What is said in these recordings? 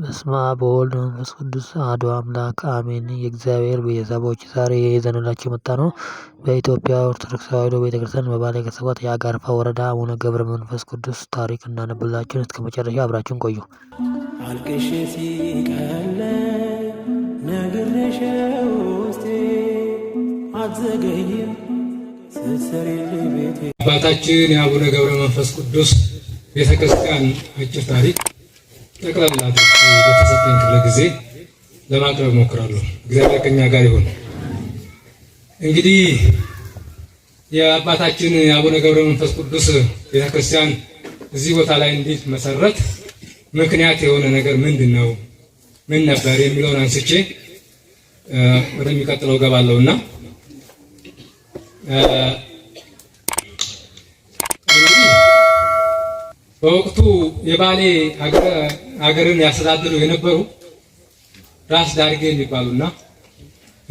በስመ አብ መንፈስ ቅዱስ አሐዱ አምላክ አሜን። የእግዚአብሔር ቤተሰቦች ዛሬ ይዘንላችሁ የመጣ ነው በኢትዮጵያ ኦርቶዶክስ ተዋሕዶ ቤተክርስቲያን በባለ ከሰባት የአጋርፋ ወረዳ አቡነ ገብረ መንፈስ ቅዱስ ታሪክ እናነብላችሁን። እስከ መጨረሻ አብራችሁን ቆዩ። አልቅሼ ሲቀለ ነግሬሽ ውስጤ አትዘገይም ስትሰሪልኝ ቤቴ አባታችን የአቡነ ገብረ መንፈስ ቅዱስ ቤተክርስቲያን አጭር ታሪክ ጠቅላላ በተሰጠኝ ክፍለ ጊዜ ለማቅረብ ሞክራለሁ። እግዚአብሔር ከኛ ጋር ይሁን። እንግዲህ የአባታችን የአቡነ ገብረ መንፈስ ቅዱስ ቤተክርስቲያን እዚህ ቦታ ላይ እንዲመሰረት ምክንያት የሆነ ነገር ምንድን ነው? ምን ነበር የሚለውን አንስቼ ወደሚቀጥለው ገባለሁና በወቅቱ የባሌ አገርን ያስተዳድሩ የነበሩ ራስ ዳርጌ የሚባሉና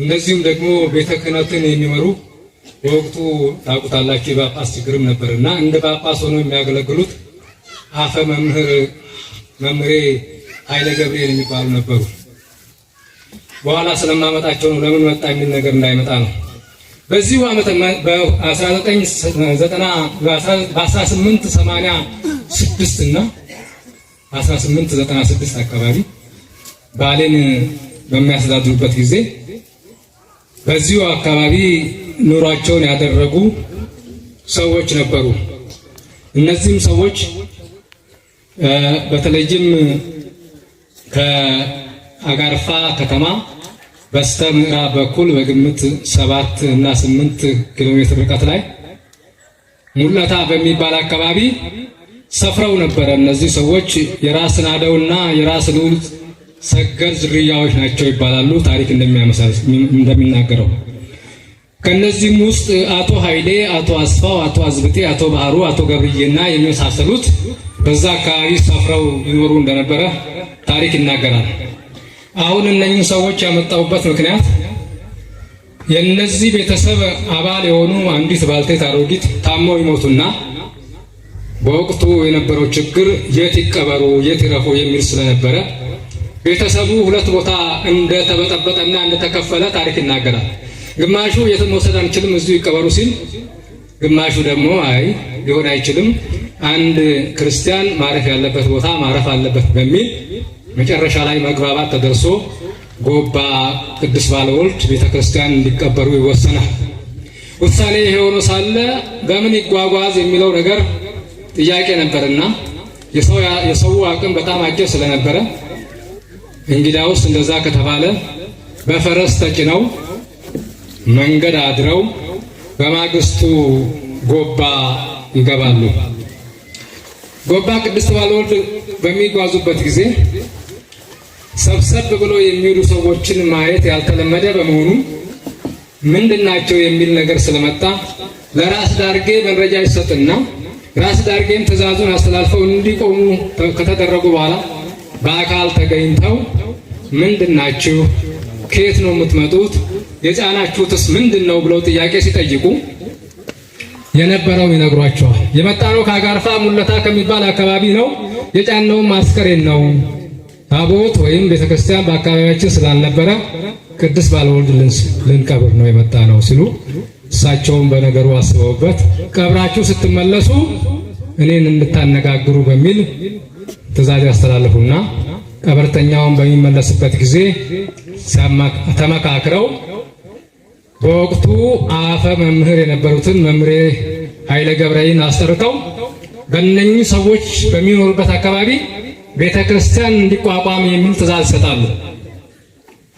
እንደዚሁም ደግሞ ቤተ ክህነትን የሚመሩ በወቅቱ ታውቁታላችሁ የጳጳስ ችግርም ነበር እና እንደ ጳጳስ ሆነው የሚያገለግሉት አፈ መምህር መምሬ ኃይለ ገብርኤል የሚባሉ ነበሩ። በኋላ ስለማመጣቸው ነው ለምን መጣ የሚል ነገር እንዳይመጣ ነው። በዚሁ ዓመተ በ1886 እና 1896 አካባቢ ባሌን በሚያስተዳድሩበት ጊዜ በዚሁ አካባቢ ኑሯቸውን ያደረጉ ሰዎች ነበሩ። እነዚህም ሰዎች በተለይም ከአጋርፋ ከተማ በስተ ምዕራብ በኩል በግምት ሰባት እና ስምንት ኪሎ ሜትር ርቀት ላይ ሙለታ በሚባል አካባቢ ሰፍረው ነበረ። እነዚህ ሰዎች የራስ ናደውና የራስ ልዑል ሰገር ዝርያዎች ናቸው ይባላሉ። ታሪክ እንደሚናገረው ከነዚህም ውስጥ አቶ ኃይሌ፣ አቶ አስፋው፣ አቶ አዝብጤ፣ አቶ ባህሩ፣ አቶ ገብርዬና የሚመሳሰሉት በዛ አካባቢ ሰፍረው ይኖሩ እንደነበረ ታሪክ ይናገራል። አሁን እነኚህ ሰዎች ያመጣሁበት ምክንያት የእነዚህ ቤተሰብ አባል የሆኑ አንዲት ባልቴት አሮጊት ታመው ይሞቱና በወቅቱ የነበረው ችግር የት ይቀበሩ የት ይረፉ የሚል ስለነበረ ቤተሰቡ ሁለት ቦታ እንደተበጠበጠና እንደተከፈለ ታሪክ ይናገራል። ግማሹ የትም መውሰድ አንችልም እዚሁ ይቀበሩ ሲል፣ ግማሹ ደግሞ አይ ሊሆን አይችልም፣ አንድ ክርስቲያን ማረፍ ያለበት ቦታ ማረፍ አለበት በሚል መጨረሻ ላይ መግባባት ተደርሶ ጎባ ቅዱስ ባለወልድ ቤተ ክርስቲያን እንዲቀበሩ ይወሰናል። ውሳኔ ይሄ ሆኖ ሳለ በምን ይጓጓዝ የሚለው ነገር ጥያቄ ነበርና የሰው አቅም በጣም አጭር ስለነበረ እንግዲያውስ እንደዛ ከተባለ በፈረስ ተጭነው መንገድ አድረው በማግስቱ ጎባ ይገባሉ። ጎባ ቅድስት ባለወልድ በሚጓዙበት ጊዜ ሰብሰብ ብለው የሚውሉ ሰዎችን ማየት ያልተለመደ በመሆኑ ምንድናቸው የሚል ነገር ስለመጣ ለራስ ዳርጌ መረጃ ይሰጥና ራስ ዳርጌም ትዕዛዙን አስተላልፈው እንዲቆሙ ከተደረጉ በኋላ በአካል ተገኝተው ምንድናችሁ፣ ከየት ነው የምትመጡት፣ የጫናችሁትስ ምንድን ነው ብለው ጥያቄ ሲጠይቁ የነበረው ይነግሯቸዋል። የመጣነው ከአጋርፋ ሙለታ ከሚባል አካባቢ ነው፣ የጫነውም አስከሬን ነው ታቦት ወይም ቤተክርስቲያን በአካባቢያችን ስላልነበረ ቅድስት ባለወልድ ልንቀብር ነው የመጣ ነው ሲሉ እሳቸውም በነገሩ አስበውበት ቀብራችሁ ስትመለሱ እኔን እንድታነጋግሩ በሚል ትእዛዝ ያስተላልፉና ቀበርተኛውን በሚመለስበት ጊዜ ተመካክረው በወቅቱ አፈ መምህር የነበሩትን መምሬ ኃይለ ገብረይን አስጠርተው በእነኚህ ሰዎች በሚኖሩበት አካባቢ ቤተ ክርስቲያን እንዲቋቋም የሚል ትእዛዝ ይሰጣሉ።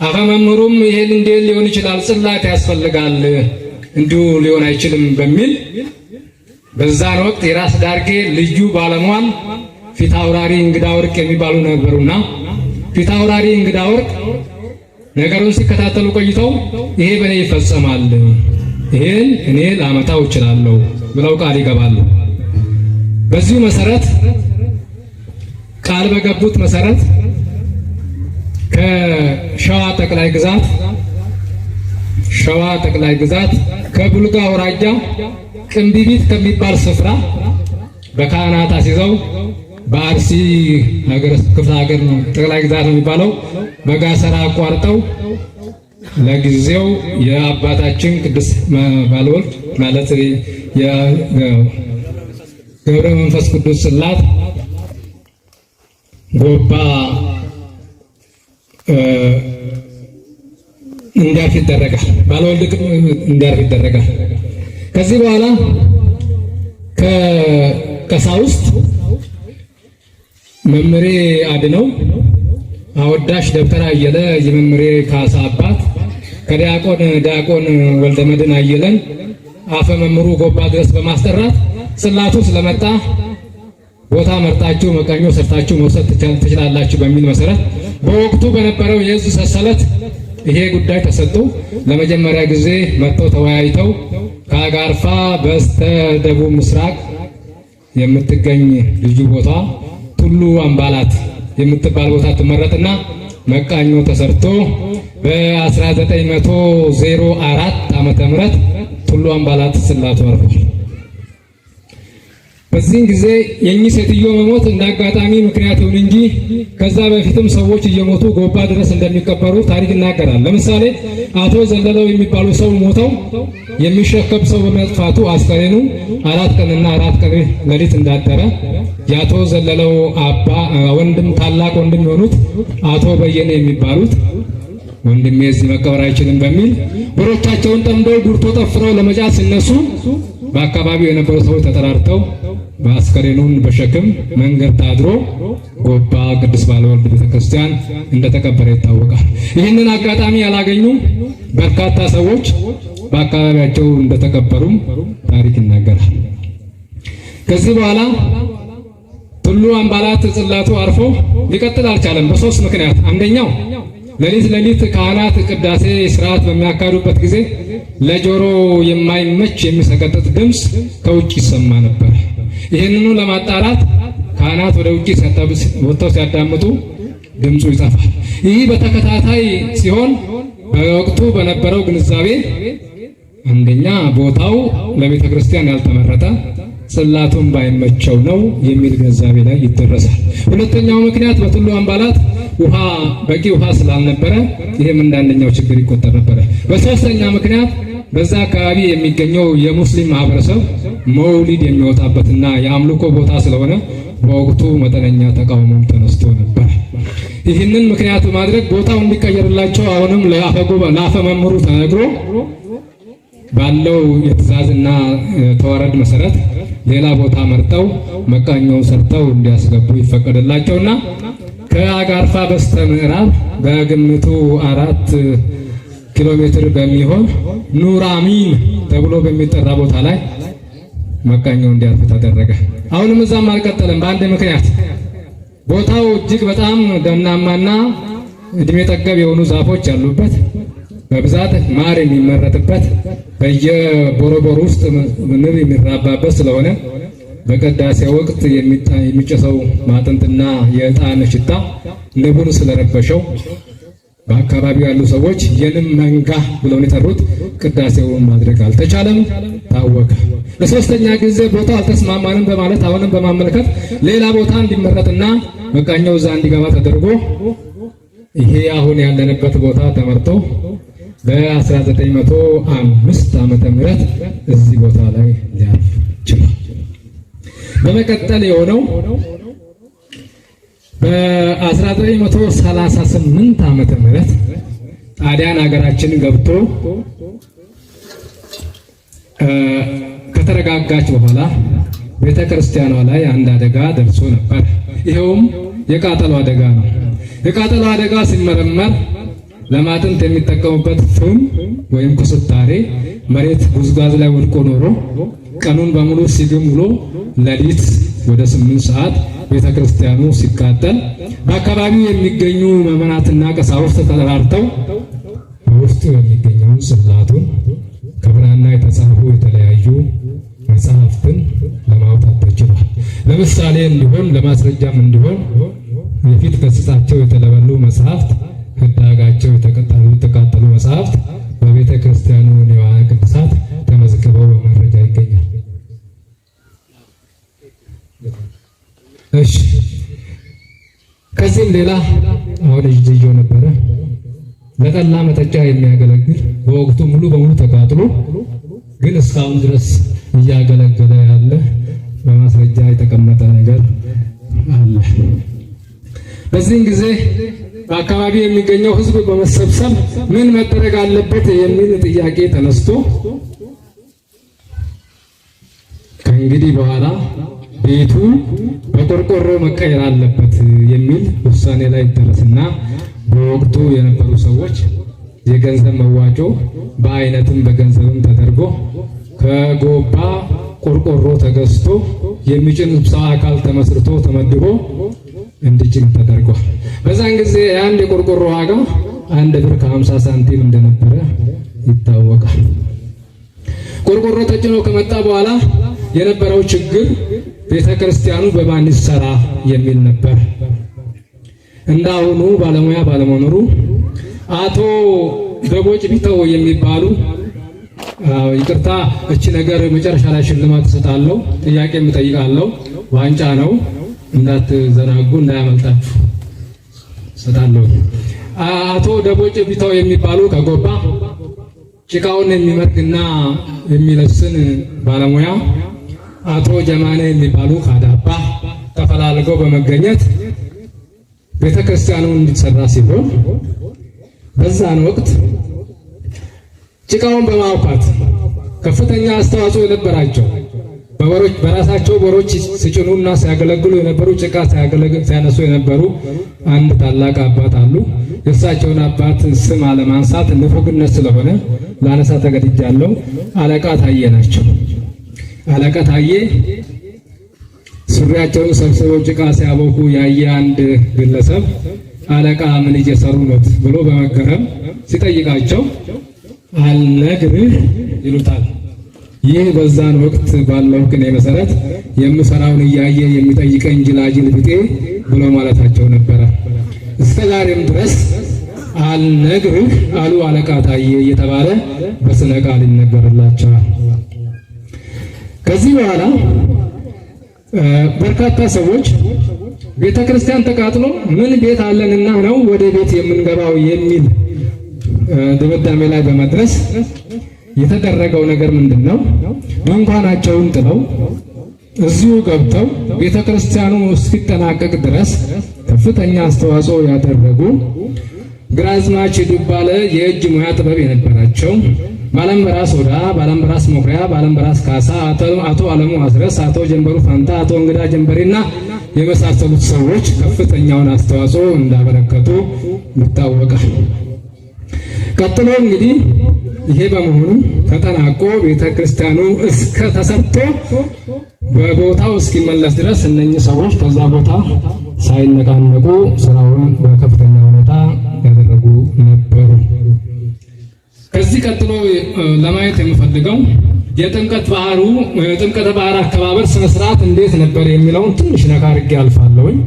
አፈ መምህሩም ይሄን እንዴት ሊሆን ይችላል? ጽላት ያስፈልጋል፣ እንዲሁ ሊሆን አይችልም በሚል በዛን ወቅት የራስ ዳርጌ ልዩ ባለሟል ፊት አውራሪ እንግዳ ወርቅ የሚባሉ ነበሩና ፊት አውራሪ እንግዳ ወርቅ ነገሩን ሲከታተሉ ቆይተው ይሄ በእኔ ይፈጸማል፣ ይሄን እኔ ላመጣው እችላለሁ ብለው ቃል ይገባሉ። በዚሁ መሰረት ቃል በገቡት መሰረት ከሸዋ ጠቅላይ ግዛት ሸዋ ጠቅላይ ግዛት ከቡልጋ አውራጃ ቅንቢቢት ከሚባል ስፍራ በካህናት አስይዘው በአርሲ ነገር ክፍለ ሀገር ነው ጠቅላይ ግዛት ነው የሚባለው። በጋሰራ አቋርጠው ለጊዜው የአባታችን ቅዱስ ባለወልድ ማለት የገብረ መንፈስ ቅዱስ ጽላት ጎባ እንዲያርፍ ይደረጋል። ባለወልድ እንዲያርፍ ይደረጋል። ከዚህ በኋላ ከቀሳውስት መምሬ አድነው አወዳሽ ደብተር አየለ የመምሬ ካሳ አባት ከዲያቆን ዲያቆን ወልደመድን አየለን አፈ መምሩ ጎባ ድረስ በማስጠራት ጽላቱ ስለመጣ ቦታ መርጣችሁ መቃኞ ሰርታችሁ መውሰድ ትችላላችሁ በሚል መሰረት በወቅቱ በነበረው የህዝብ ሰሰለት ይሄ ጉዳይ ተሰጡ። ለመጀመሪያ ጊዜ መጥተው ተወያይተው ከአጋርፋ በስተ ደቡብ ምስራቅ የምትገኝ ልዩ ቦታ ቱሉ አምባላት የምትባል ቦታ ትመረጥና መቃኞ ተሰርቶ በ1904 ዓ.ም ቱሉ አምባላት ስላት አርፏል። በዚህን ጊዜ የእኚህ ሴትዮ መሞት እንደ አጋጣሚ ምክንያት ይሁን እንጂ ከዛ በፊትም ሰዎች እየሞቱ ጎባ ድረስ እንደሚቀበሩ ታሪክ ይናገራል። ለምሳሌ አቶ ዘለለው የሚባሉ ሰው ሞተው የሚሸከም ሰው በመጥፋቱ አስከሬኑ አራት ቀንና አራት ቀን ሌሊት እንዳደረ የአቶ ዘለለው አባ ወንድም ታላቅ ወንድም የሆኑት አቶ በየነ የሚባሉት ወንድሜ እዚህ መቀበር አይችልም በሚል ብሮቻቸውን ጠምደው ጉርቶ ጠፍረው ለመጫት ሲነሱ በአካባቢው የነበሩ ሰዎች ተጠራርተው በአስከሬኑን በሸክም መንገድ ታድሮ ጎባ ቅዱስ ባለወልድ ቤተክርስቲያን እንደተቀበረ ይታወቃል። ይህንን አጋጣሚ ያላገኙ በርካታ ሰዎች በአካባቢያቸው እንደተቀበሩም ታሪክ ይናገራል። ከዚህ በኋላ ሁሉ አምባላት ጽላቱ አርፎ ሊቀጥል አልቻለም። በሶስት ምክንያት አንደኛው ሌሊት ሌሊት ካህናት ቅዳሴ ስርዓት በሚያካሂዱበት ጊዜ ለጆሮ የማይመች የሚሰቀጥጥ ድምፅ ከውጭ ይሰማ ነበር። ይህንኑ ለማጣራት ካህናት ወደ ውጭ ወጥተው ሲያዳምጡ ድምፁ ይጠፋል። ይህ በተከታታይ ሲሆን በወቅቱ በነበረው ግንዛቤ አንደኛ ቦታው ለቤተ ክርስቲያን ያልተመረጠ ጽላቱን ባይመቸው ነው የሚል ግንዛቤ ላይ ይደረሳል። ሁለተኛው ምክንያት በቱሉ አምባላት ውሃ በቂ ውሃ ስላልነበረ ይህም አንደኛው ችግር ይቆጠር ነበረ። በሶስተኛ ምክንያት በዛ አካባቢ የሚገኘው የሙስሊም ማህበረሰብ መውሊድ የሚወጣበትና የአምልኮ ቦታ ስለሆነ በወቅቱ መጠነኛ ተቃውሞም ተነስቶ ነበር። ይህንን ምክንያት በማድረግ ቦታው እንዲቀየርላቸው አሁንም ለአፈ መምህሩ ተነግሮ ባለው የትዕዛዝና ተወረድ መሰረት ሌላ ቦታ መርጠው መቃኛውን ሰርተው እንዲያስገቡ ይፈቀደላቸውና ከአጋርፋ በስተ ምዕራብ በግምቱ አራት ኪሎ ሜትር በሚሆን ኑራሚን ተብሎ በሚጠራ ቦታ ላይ መቃኛው እንዲያርፍ ተደረገ። አሁንም እዛም አልቀጠለም በአንድ ምክንያት ቦታው እጅግ በጣም ደናማና እድሜ ጠገብ የሆኑ ዛፎች ያሉበት በብዛት ማር የሚመረትበት በየቦረቦር ውስጥ ንብ የሚራባበት ስለሆነ በቅዳሴ ወቅት የሚጨሰው ማጥንትና የእጣን ሽታ ንቡን ስለረበሸው በአካባቢው ያሉ ሰዎች የንም መንጋ ብለው የጠሩት ቅዳሴውን ማድረግ አልተቻለም፣ ታወቀ። ለሶስተኛ ጊዜ ቦታ አልተስማማንም በማለት አሁንም በማመልከት ሌላ ቦታ እንዲመረጥና መቃኛው እዛ እንዲገባ ተደርጎ ይሄ አሁን ያለንበት ቦታ ተመርጦ በ1905 ዓመተ ምህረት እዚህ ቦታ ላይ ሊያርፍ ችሏል። በመቀጠል የሆነው በ1938 ዓመተ ምህረት ጣሊያን ሀገራችን ገብቶ ከተረጋጋች በኋላ ቤተ ክርስቲያኗ ላይ አንድ አደጋ ደርሶ ነበር። ይኸውም የቃጠሎ አደጋ ነው። የቃጠሎ አደጋ ሲመረመር ለማጥንት የሚጠቀሙበት ፍም ወይም ኩስታሬ መሬት ጉዝጓዝ ላይ ወድቆ ኖሮ ቀኑን በሙሉ ሲግም ውሎ ሌሊት ወደ ስምንት ሰዓት ቤተክርስቲያኑ ሲቃጠል በአካባቢው የሚገኙ ምዕመናትና ቀሳውስት ተጠራርተው በውስጡ የሚገኘውን ጽላቱን ከብራና የተጻፉ የተለያዩ መጽሐፍትን ለማውጣት ተችሏል። ለምሳሌ እንዲሆን ለማስረጃም እንዲሆን የፊት ገጽታቸው የተለበሉ መጽሐፍት፣ ህዳጋቸው የተቃጠሉ መጽሐፍት በቤተ ክርስቲያኑ ንዋየ ቅድሳት ተመዝግበው እሺ ከዚህም ሌላ አሁን እጅየው ነበረ ለጠላ መጠጫ የሚያገለግል በወቅቱ ሙሉ በሙሉ ተቃጥሎ ግን እስካሁን ድረስ እያገለገለ ያለ በማስረጃ የተቀመጠ ነገር አለ። በዚህም ጊዜ በአካባቢ የሚገኘው ሕዝብ በመሰብሰብ ምን መደረግ አለበት የሚል ጥያቄ ተነስቶ ከእንግዲህ በኋላ ቤቱ በቆርቆሮ መቀየር አለበት የሚል ውሳኔ ላይ ደረስና በወቅቱ የነበሩ ሰዎች የገንዘብ መዋጮ በአይነትም በገንዘብም ተደርጎ ከጎባ ቆርቆሮ ተገዝቶ የሚጭን ሰው አካል ተመስርቶ ተመድቦ እንዲጭን ተደርጓል። በዛን ጊዜ የአንድ የቆርቆሮ ዋጋ አንድ ብር ከ50 ሳንቲም እንደነበረ ይታወቃል። ቆርቆሮ ተጭኖ ከመጣ በኋላ የነበረው ችግር ቤተ ክርስቲያኑ በማን ይሰራ የሚል ነበር። እንዳሁኑ ባለሙያ ባለመኖሩ አቶ ደቦጭ ቢተው የሚባሉ ይቅርታ፣ እቺ ነገር መጨረሻ ላይ ሽልማት እሰጣለሁ፣ ጥያቄ የምጠይቃለሁ። ዋንጫ ነው፣ እንዳትዘናጉ፣ እንዳያመልጣችሁ እሰጣለሁ። አቶ ደቦጭ ቢተው የሚባሉ ከጎባ ጭቃውን የሚመርግና የሚለስን ባለሙያ አቶ ጀማነ የሚባሉ ካዳባ ተፈላልገው በመገኘት ቤተ ክርስቲያኑ እንዲሰራ ሲሆን በዛን ወቅት ጭቃውን በማውካት ከፍተኛ አስተዋጽኦ የነበራቸው በበሮች በራሳቸው በሮች ሲጭኑና ሲያገለግሉ የነበሩ ጭቃ ሲያነሱ የነበሩ አንድ ታላቅ አባት አሉ። የእሳቸውን አባት ስም አለማንሳት ንፉግነት ስለሆነ ላነሳ ተገድጃለሁ። አለቃ ታየ ናቸው። አለቃ ታዬ ሱሪያቸውን ሰብስበው ጭቃ ሲያበኩ ያየ አንድ ግለሰብ አለቃ ምን እየሰሩ ነው ብሎ በመገረም ሲጠይቃቸው አልነግርህ ይሉታል። ይህ በዛን ወቅት ባለው ቅኔ መሰረት የምሰራውን እያየ የሚጠይቀኝ ጅላጅል ብጤ ብሎ ማለታቸው ነበረ። እስከ ዛሬም ድረስ አልነግርህ አሉ አለቃ ታዬ እየተባለ በስነ ቃል ይነገርላቸዋል። ከዚህ በኋላ በርካታ ሰዎች ቤተ ክርስቲያን ተቃጥሎ ምን ቤት አለንና ነው ወደ ቤት የምንገባው የሚል ድምዳሜ ላይ በመድረስ የተደረገው ነገር ምንድን ነው? መንኳናቸውን ጥለው እዚሁ ገብተው ቤተ ክርስቲያኑ እስኪጠናቀቅ ድረስ ከፍተኛ አስተዋጽኦ ያደረጉ ግራዝማች ዱባለ የእጅ ሙያ ጥበብ የነበራቸው ባላምበራስ ኦዳ፣ ባላምበራስ መኩሪያ፣ ባላምበራስ ካሳ፣ አቶ አለሙ አስረስ፣ አቶ ጀንበሩ ፋንታ፣ አቶ እንግዳ ጀንበሬና የመሳሰሉት ሰዎች ከፍተኛውን አስተዋጽኦ እንዳበረከቱ ይታወቃል። ቀጥሎ እንግዲህ ይሄ በመሆኑ ተጠናቆ ቤተ ክርስቲያኑ እስከ ተሰርቶ በቦታው እስኪመለስ ድረስ እነኚህ ሰዎች ከዛ ቦታ ሳይነቃነቁ ስራውን በከፍተ ከዚህ ቀጥሎ ለማየት የምፈልገው የጥምቀት ባህሩ የጥምቀተ ባህር አከባበር ስነ ስርዓት እንዴት ነበር የሚለውን ትንሽ ነካ አድርጌ አልፋለሁኝ።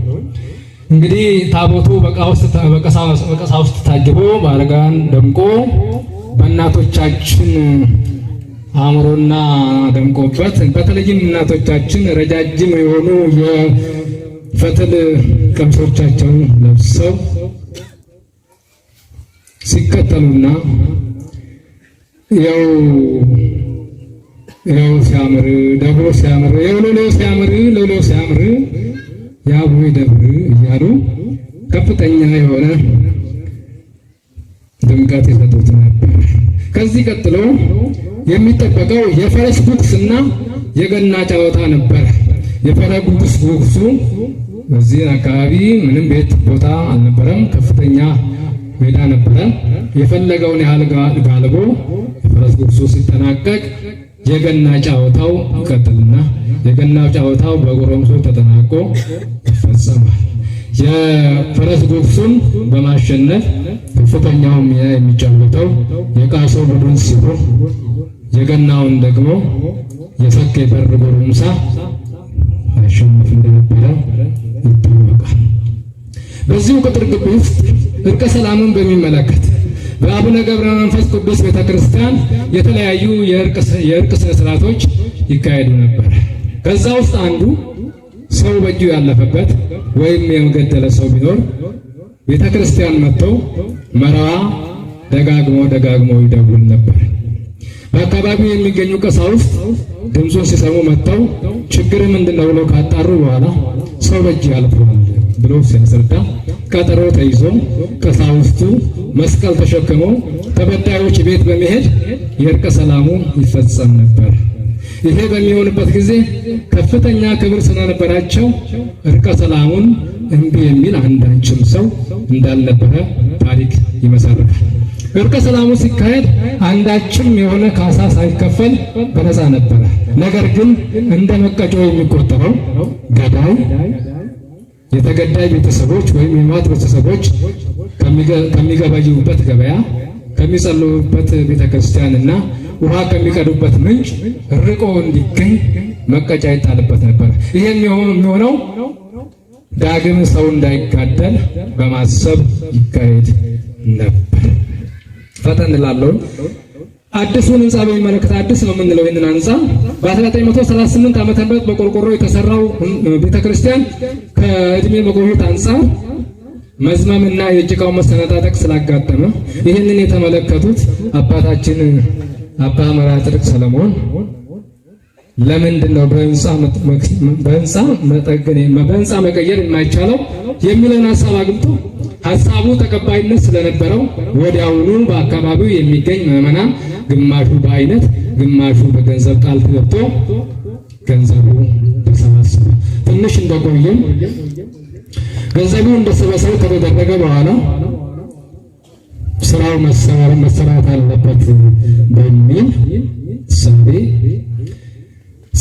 እንግዲህ ታቦቱ በቀሳ ውስጥ ታጅቦ በአረጋን ደምቆ በእናቶቻችን አእምሮና ደምቆበት በተለይም እናቶቻችን ረጃጅም የሆኑ የፈትል ቀሚሶቻቸውን ለብሰው ሲከተሉና ያው ያው ሲያምር ደብሮ ሲያምር ያው ሎሎ ሲያምር ሎሎ ሲያምር የአቡይ ደብር እያሉ ከፍተኛ የሆነ ድምቀት የሰጡት ነበር። ከዚህ ቀጥሎ የሚጠበቀው የፈረስ ጉግስና የገና ጨዋታ ነበር። የፈረስ ጉግስ ጉግሱ በዚህ አካባቢ ምንም ቤት ቦታ አልነበረም። ከፍተኛ ሜዳ ነበረ። የፈለገውን ያህል ጋልቦ ፈረስ ጉግሱ ሲጠናቀቅ የገና ጫወታው ይቀጥልና የገና ጨዋታው በጎረምሶ ተጠናቆ ይፈጸማል። የፈረስ ጉግሱን በማሸነፍ ከፍተኛው ሚና የሚጫወተው የቃሶ ቡድን ሲሆን የገናውን ደግሞ የሰኬ በር ጎረምሳ አሸንፍ እንደነበረ ይታወቃል። በዚሁ ቅጥር ግቢ ውስጥ ሕገ ሰላምን በሚመለከት በአቡነ ገብረ መንፈስ ቅዱስ ቤተ ክርስቲያን የተለያዩ የእርቅ ስነ ስርዓቶች ይካሄዱ ነበር። ከዛ ውስጥ አንዱ ሰው በእጁ ያለፈበት ወይም የገደለ ሰው ቢኖር ቤተ ክርስቲያን መጥተው መረዋ ደጋግሞ ደጋግሞ ይደውል ነበር። በአካባቢው የሚገኙ ቀሳውስት ድምፁን ሲሰሙ መጥተው ችግር ምንድን ነው ብለው ካጣሩ በኋላ ሰው በእጅ ያልፈዋል ብሎ ሲያስረዳ ቀጠሮ ተይዞ ቀሳውስቱ መስቀል ተሸክሞ ተበዳዮች ቤት በመሄድ የእርቀ ሰላሙ ይፈጸም ነበር። ይሄ በሚሆንበት ጊዜ ከፍተኛ ክብር ስለነበራቸው እርቀ ሰላሙን እምቢ የሚል አንዳችም ሰው እንዳልነበረ ታሪክ ይመሰርታል። እርቀ ሰላሙ ሲካሄድ አንዳችም የሆነ ካሳ ሳይከፈል በነፃ ነበረ። ነገር ግን እንደ መቀጮ የሚቆጠረው ገዳይ የተገዳይ ቤተሰቦች ወይም የሟች ቤተሰቦች ከሚገበዩበት ገበያ፣ ከሚጸልዩበት ቤተ ክርስቲያን እና ውሃ ከሚቀዱበት ምንጭ ርቆ እንዲገኝ መቀጫ ይጣልበት ነበር። ይህም የሚሆነው ዳግም ሰው እንዳይጋደል በማሰብ ይካሄድ ነበር። ፈጠን ላለውን አዲሱን ህንፃ በሚመለከት አዲስ ነው የምንለው ይህንን ህንፃ በ1938 ዓመተ ምህረት በቆርቆሮ የተሰራው ቤተክርስቲያን ከእድሜ መቆየት አንፃር መዝመምና የጭቃው መሰነጣጠቅ ስላጋጠመ ይህንን የተመለከቱት አባታችን አባ መርሐ ጽድቅ ሰለሞን ለምንድን ነው በህንፃ መጠገን በህንፃ መቀየር የማይቻለው የሚለውን ሀሳብ አግብቶ ሀሳቡ ተቀባይነት ስለነበረው ወዲያውኑ በአካባቢው የሚገኝ ምዕመናን ግማሹ በአይነት ግማሹ በገንዘብ ቃል ተገብቶ ገንዘቡ ተሰባሰበ። ትንሽ እንደቆየም ገንዘቡ እንደሰበሰቡ ከተደረገ በኋላ ስራው መሰራት አለበት በሚል ሳቤ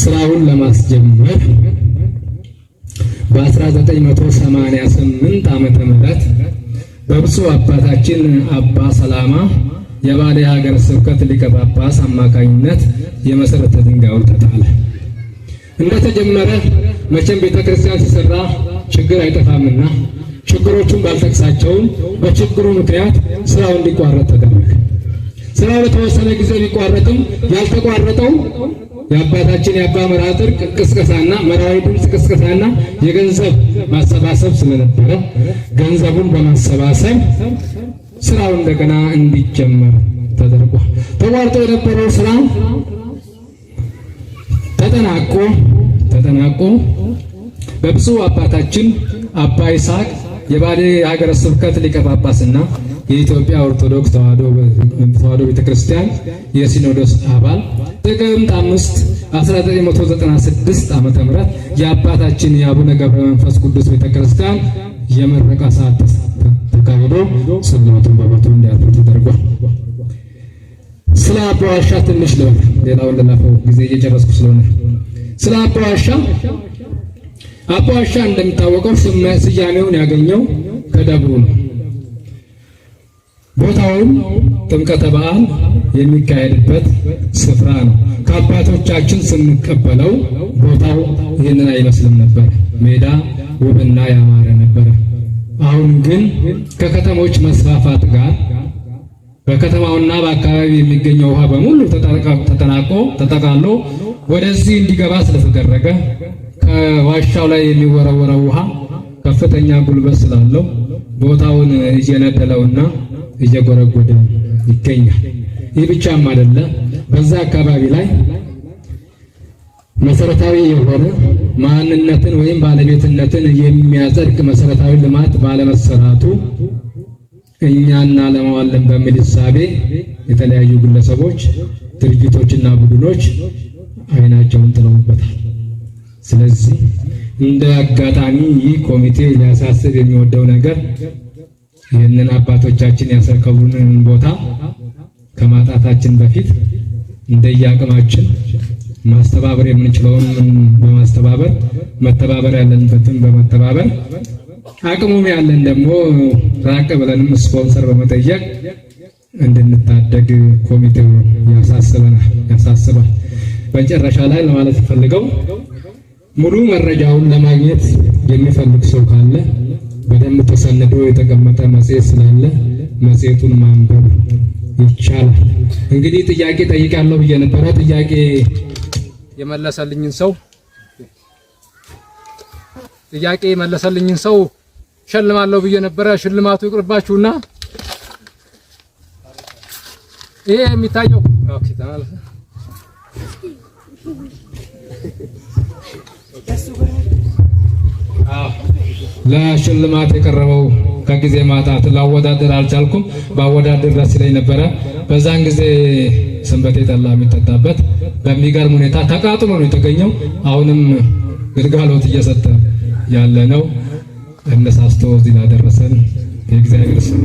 ስራውን ለማስጀመር በ1988 ዓመተ ምህረት በብፁዕ አባታችን አባ ሰላማ የባሌ ሀገረ ስብከት ሊቀ ጳጳስ አማካኝነት የመሰረተ ድንጋዩ ተጣለ። እንደተጀመረ መቼም ቤተ ክርስቲያን ሲሰራ ችግር አይጠፋምና ችግሮቹን ባልጠቅሳቸውም በችግሩ ምክንያት ስራው እንዲቋረጥ ተደረገ። ስራው ለተወሰነ ጊዜ ቢቋረጥም ያልተቋረጠው የአባታችን የአባ መርሃ ቅስቀሳና መርሃዊ ድምፅ ቅስቀሳና የገንዘብ ማሰባሰብ ስለነበረ ገንዘቡን በማሰባሰብ ስራው እንደገና እንዲጀመር ተደርጓል። ተቋርጦ የነበረው ስራ ተጠናቆ ተጠናቆ በብፁዕ አባታችን አባ ይስሐቅ የባሌ ሀገረ ስብከት ሊቀ ጳጳስና የኢትዮጵያ ኦርቶዶክስ ተዋሕዶ ቤተክርስቲያን የሲኖዶስ አባል ጥቅምት አምስት 1996 ዓመተ ምህረት የአባታችን የአቡነ ገብረ መንፈስ ቅዱስ ቤተክርስቲያን የምረቃ ሰዓት ተካሂዶ ስብሐቱን በቦታው እንዲያርፉ ተደርጓል። ስለ አባ ዋሻ ትንሽ ልበል፣ ሌላውን ልለፈው ጊዜ እየጨረስኩ ስለሆነ። ስለ አባ ዋሻ አባ ዋሻ እንደሚታወቀው ስያሜውን ያገኘው ከደብሩ ነው። ቦታውም ጥምቀተ በዓል የሚካሄድበት ስፍራ ነው። ከአባቶቻችን ስንቀበለው ቦታው ይህንን አይመስልም ነበር። ሜዳ ውብና ያማረ ነበረ። አሁን ግን ከከተሞች መስፋፋት ጋር በከተማውና በአካባቢ የሚገኘው ውሃ በሙሉ ተጠናቆ ተጠቃሎ ወደዚህ እንዲገባ ስለተደረገ ከዋሻው ላይ የሚወረወረው ውሃ ከፍተኛ ጉልበት ስላለው ቦታውን እየነደለውና እየጎረጎደ ይገኛል። ይህ ብቻም አይደለም። በዛ አካባቢ ላይ መሰረታዊ የሆነ ማንነትን ወይም ባለቤትነትን የሚያጸድቅ መሰረታዊ ልማት ባለመሰራቱ እኛና ለማዋለን በሚል እሳቤ የተለያዩ ግለሰቦች፣ ድርጅቶችና ቡድኖች አይናቸውን ጥለውበታል። ስለዚህ እንደ አጋጣሚ ይህ ኮሚቴ ሊያሳስብ የሚወደው ነገር ይህንን አባቶቻችን ያስረከቡንን ቦታ ከማጣታችን በፊት እንደየአቅማችን ማስተባበር የምንችለውን በማስተባበር መተባበር ያለንበትን በመተባበር አቅሙም ያለን ደግሞ ራቅ ብለንም ስፖንሰር በመጠየቅ እንድንታደግ ኮሚቴው ያሳስበናል ያሳስባል። መጨረሻ ላይ ለማለት ፈልገው ሙሉ መረጃውን ለማግኘት የሚፈልግ ሰው ካለ በደንብ ተሰንዶ የተቀመጠ መጽሔት ስላለ መጽሔቱን ማንበብ ይቻላል። እንግዲህ ጥያቄ ጠይቃለሁ ብዬ ነበረ። ጥያቄ የመለሰልኝን ሰው ጥያቄ የመለሰልኝን ሰው ሸልማለሁ ብዬ ነበረ። ሽልማቱ ይቅርባችሁና ይሄ የሚታየው ኦኬ ለሽልማት የቀረበው ከጊዜ ማጣት ላወዳደር አልቻልኩም። ባወዳደር ደስ ይለኝ ነበረ። በዛን ጊዜ ሰንበቴ ጠላ የሚጠጣበት በሚገርም ሁኔታ ተቃጥሎ ነው የተገኘው። አሁንም ግልጋሎት እየሰጠ ያለ ነው። እነሳስቶ እዚህ ላደረሰን የእግዚአብሔር ስም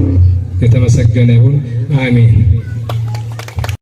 የተመሰገነ ይሁን። አሜን።